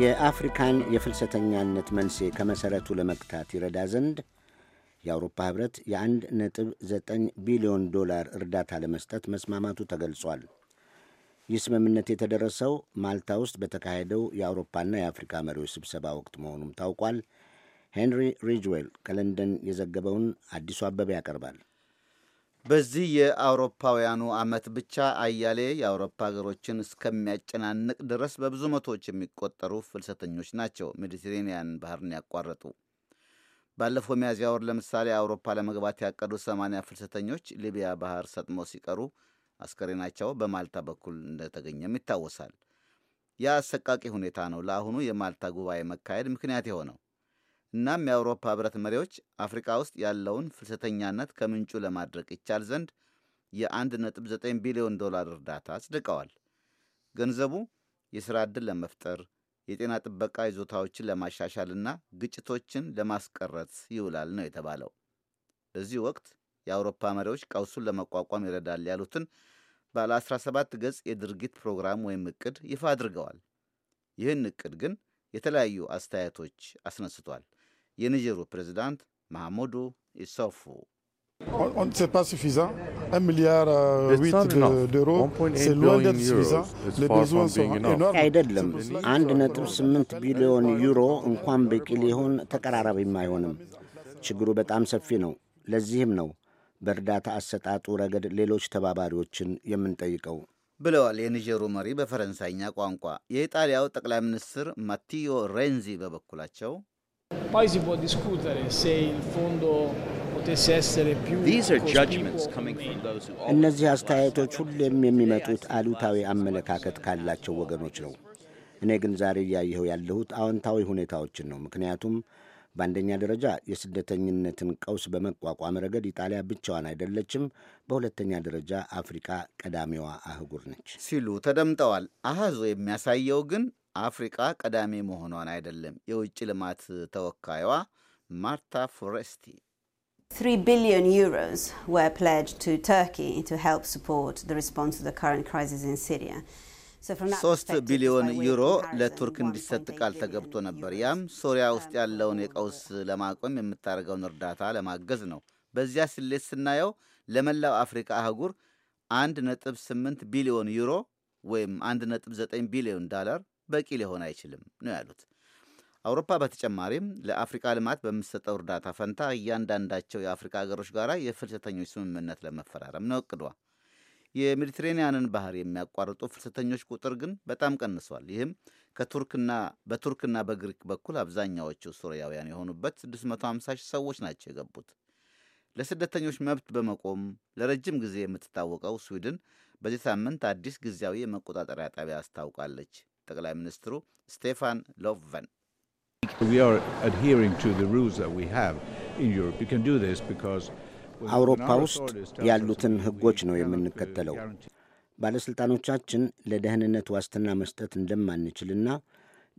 የአፍሪካን የፍልሰተኛነት መንስኤ ከመሠረቱ ለመግታት ይረዳ ዘንድ የአውሮፓ ኅብረት የአንድ ነጥብ ዘጠኝ ቢሊዮን ዶላር እርዳታ ለመስጠት መስማማቱ ተገልጿል። ይህ ስምምነት የተደረሰው ማልታ ውስጥ በተካሄደው የአውሮፓና የአፍሪካ መሪዎች ስብሰባ ወቅት መሆኑም ታውቋል። ሄንሪ ሪጅዌል ከለንደን የዘገበውን አዲሱ አበበ ያቀርባል። በዚህ የአውሮፓውያኑ ዓመት ብቻ አያሌ የአውሮፓ ሀገሮችን እስከሚያጨናንቅ ድረስ በብዙ መቶዎች የሚቆጠሩ ፍልሰተኞች ናቸው ሜዲቴሬንያን ባህርን ያቋረጡ። ባለፈው ሚያዝያ ወር ለምሳሌ አውሮፓ ለመግባት ያቀዱ 80 ፍልሰተኞች ሊቢያ ባህር ሰጥመው ሲቀሩ አስከሬናቸው በማልታ በኩል እንደተገኘም ይታወሳል። ያ አሰቃቂ ሁኔታ ነው ለአሁኑ የማልታ ጉባኤ መካሄድ ምክንያት የሆነው። እናም የአውሮፓ ህብረት መሪዎች አፍሪካ ውስጥ ያለውን ፍልሰተኛነት ከምንጩ ለማድረግ ይቻል ዘንድ የ1.9 ቢሊዮን ዶላር እርዳታ አጽድቀዋል። ገንዘቡ የሥራ ዕድል ለመፍጠር የጤና ጥበቃ ይዞታዎችን ለማሻሻልና ግጭቶችን ለማስቀረት ይውላል ነው የተባለው። በዚህ ወቅት የአውሮፓ መሪዎች ቀውሱን ለመቋቋም ይረዳል ያሉትን ባለ 17 ገጽ የድርጊት ፕሮግራም ወይም እቅድ ይፋ አድርገዋል። ይህን እቅድ ግን የተለያዩ አስተያየቶች አስነስቷል። የኒጀሩ ፕሬዚዳንት ማሐሙዱ ኢሶፉ አይደለም ne sait አይደለም። 1.8 ቢሊዮን ዩሮ እንኳን በቂ ሊሆን ተቀራራቢም አይሆንም። ችግሩ በጣም ሰፊ ነው። ለዚህም ነው በእርዳታ አሰጣጡ ረገድ ሌሎች ተባባሪዎችን የምንጠይቀው ብለዋል የኒጀሩ መሪ በፈረንሳይኛ ቋንቋ። የኢጣሊያው ጠቅላይ ሚኒስትር ማቲዮ ሬንዚ በበኩላቸው Poi si può discutere se il fondo እነዚህ አስተያየቶች ሁሌም የሚመጡት አሉታዊ አመለካከት ካላቸው ወገኖች ነው። እኔ ግን ዛሬ እያየሁ ያለሁት አዎንታዊ ሁኔታዎችን ነው። ምክንያቱም በአንደኛ ደረጃ የስደተኝነትን ቀውስ በመቋቋም ረገድ ኢጣሊያ ብቻዋን አይደለችም። በሁለተኛ ደረጃ አፍሪካ ቀዳሚዋ አህጉር ነች ሲሉ ተደምጠዋል። አሃዞ የሚያሳየው ግን አፍሪቃ ቀዳሚ መሆኗን አይደለም። የውጭ ልማት ተወካይዋ ማርታ ፎሬስቲ 3 billion euros were pledged to Turkey to help support the response to the current crisis in Syria. ሶስት ቢሊዮን ዩሮ ለቱርክ እንዲሰጥ ቃል ተገብቶ ነበር። ያም ሶሪያ ውስጥ ያለውን የቀውስ ለማቆም የምታደርገውን እርዳታ ለማገዝ ነው። በዚያ ስሌት ስናየው ለመላው አፍሪካ አህጉር 1.8 ቢሊዮን ዩሮ ወይም 1.9 ቢሊዮን ዳላር በቂ ሊሆን አይችልም ነው ያሉት። አውሮፓ በተጨማሪም ለአፍሪካ ልማት በምትሰጠው እርዳታ ፈንታ እያንዳንዳቸው የአፍሪካ ሀገሮች ጋር የፍልሰተኞች ስምምነት ለመፈራረም ነው እቅዷ። የሜዲትሬንያንን ባህር የሚያቋርጡ ፍልሰተኞች ቁጥር ግን በጣም ቀንሷል። ይህም ከቱርክና በቱርክና በግሪክ በኩል አብዛኛዎቹ ሱሪያውያን የሆኑበት 650 ሰዎች ናቸው የገቡት። ለስደተኞች መብት በመቆም ለረጅም ጊዜ የምትታወቀው ስዊድን በዚህ ሳምንት አዲስ ጊዜያዊ የመቆጣጠሪያ ጣቢያ አስታውቃለች። ጠቅላይ ሚኒስትሩ ስቴፋን ሎቨን አውሮፓ ውስጥ ያሉትን ሕጎች ነው የምንከተለው። ባለሥልጣኖቻችን ለደህንነት ዋስትና መስጠት እንደማንችልና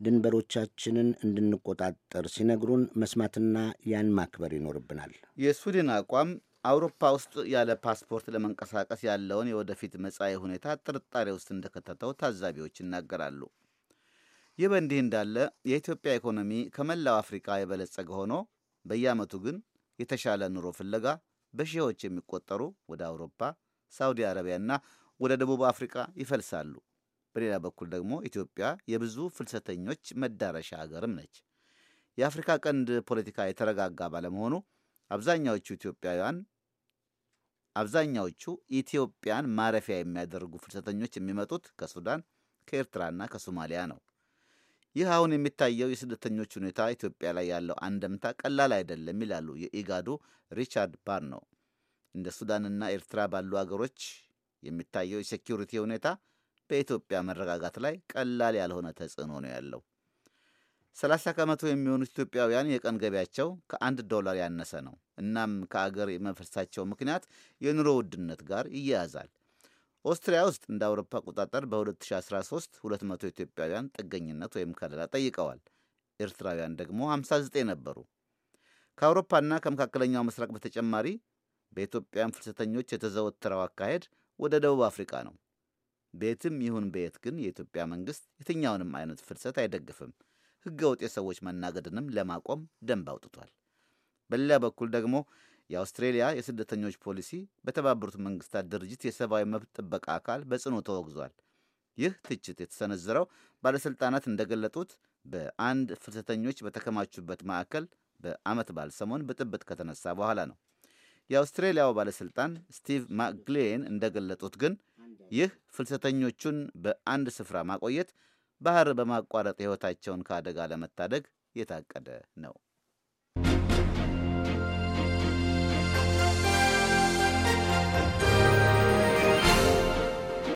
ድንበሮቻችንን እንድንቆጣጠር ሲነግሩን መስማትና ያን ማክበር ይኖርብናል። የሱድን አቋም አውሮፓ ውስጥ ያለ ፓስፖርት ለመንቀሳቀስ ያለውን የወደፊት መጻኢ ሁኔታ ጥርጣሬ ውስጥ እንደከተተው ታዛቢዎች ይናገራሉ። ይህ በእንዲህ እንዳለ የኢትዮጵያ ኢኮኖሚ ከመላው አፍሪካ የበለጸገ ሆኖ በየዓመቱ ግን የተሻለ ኑሮ ፍለጋ በሺዎች የሚቆጠሩ ወደ አውሮፓ፣ ሳውዲ አረቢያና ወደ ደቡብ አፍሪካ ይፈልሳሉ። በሌላ በኩል ደግሞ ኢትዮጵያ የብዙ ፍልሰተኞች መዳረሻ ሀገርም ነች። የአፍሪካ ቀንድ ፖለቲካ የተረጋጋ ባለመሆኑ አብዛኛዎቹ ኢትዮጵያውያን አብዛኛዎቹ ኢትዮጵያን ማረፊያ የሚያደርጉ ፍልሰተኞች የሚመጡት ከሱዳን፣ ከኤርትራና ከሶማሊያ ነው። ይህ አሁን የሚታየው የስደተኞች ሁኔታ ኢትዮጵያ ላይ ያለው አንደምታ ቀላል አይደለም ይላሉ የኢጋዱ ሪቻርድ ባር ነው። እንደ ሱዳንና ኤርትራ ባሉ አገሮች የሚታየው የሴኪሪቲ ሁኔታ በኢትዮጵያ መረጋጋት ላይ ቀላል ያልሆነ ተጽዕኖ ነው ያለው። 30 ከመቶ የሚሆኑት ኢትዮጵያውያን የቀን ገቢያቸው ከአንድ ዶላር ያነሰ ነው። እናም ከአገር የመፍርሳቸው ምክንያት የኑሮ ውድነት ጋር ይያያዛል። ኦስትሪያ ውስጥ እንደ አውሮፓ አቆጣጠር በ2013 200 ኢትዮጵያውያን ጥገኝነት ወይም ከለላ ጠይቀዋል። ኤርትራውያን ደግሞ 59 ነበሩ። ከአውሮፓና ከመካከለኛው ምስራቅ በተጨማሪ በኢትዮጵያን ፍልሰተኞች የተዘወተረው አካሄድ ወደ ደቡብ አፍሪካ ነው። ቤትም ይሁን በየት ግን የኢትዮጵያ መንግሥት የትኛውንም አይነት ፍልሰት አይደግፍም። ህገወጥ የሰዎች መናገድንም ለማቆም ደንብ አውጥቷል። በሌላ በኩል ደግሞ የአውስትሬሊያ የስደተኞች ፖሊሲ በተባበሩት መንግስታት ድርጅት የሰብአዊ መብት ጥበቃ አካል በጽኑ ተወግዟል። ይህ ትችት የተሰነዘረው ባለሥልጣናት እንደገለጡት በአንድ ፍልሰተኞች በተከማቹበት ማዕከል በዓመት በዓል ሰሞን ብጥብጥ ከተነሳ በኋላ ነው። የአውስትሬሊያው ባለሥልጣን ስቲቭ ማክግሌን እንደገለጡት ግን ይህ ፍልሰተኞቹን በአንድ ስፍራ ማቆየት ባህር በማቋረጥ ሕይወታቸውን ከአደጋ ለመታደግ የታቀደ ነው።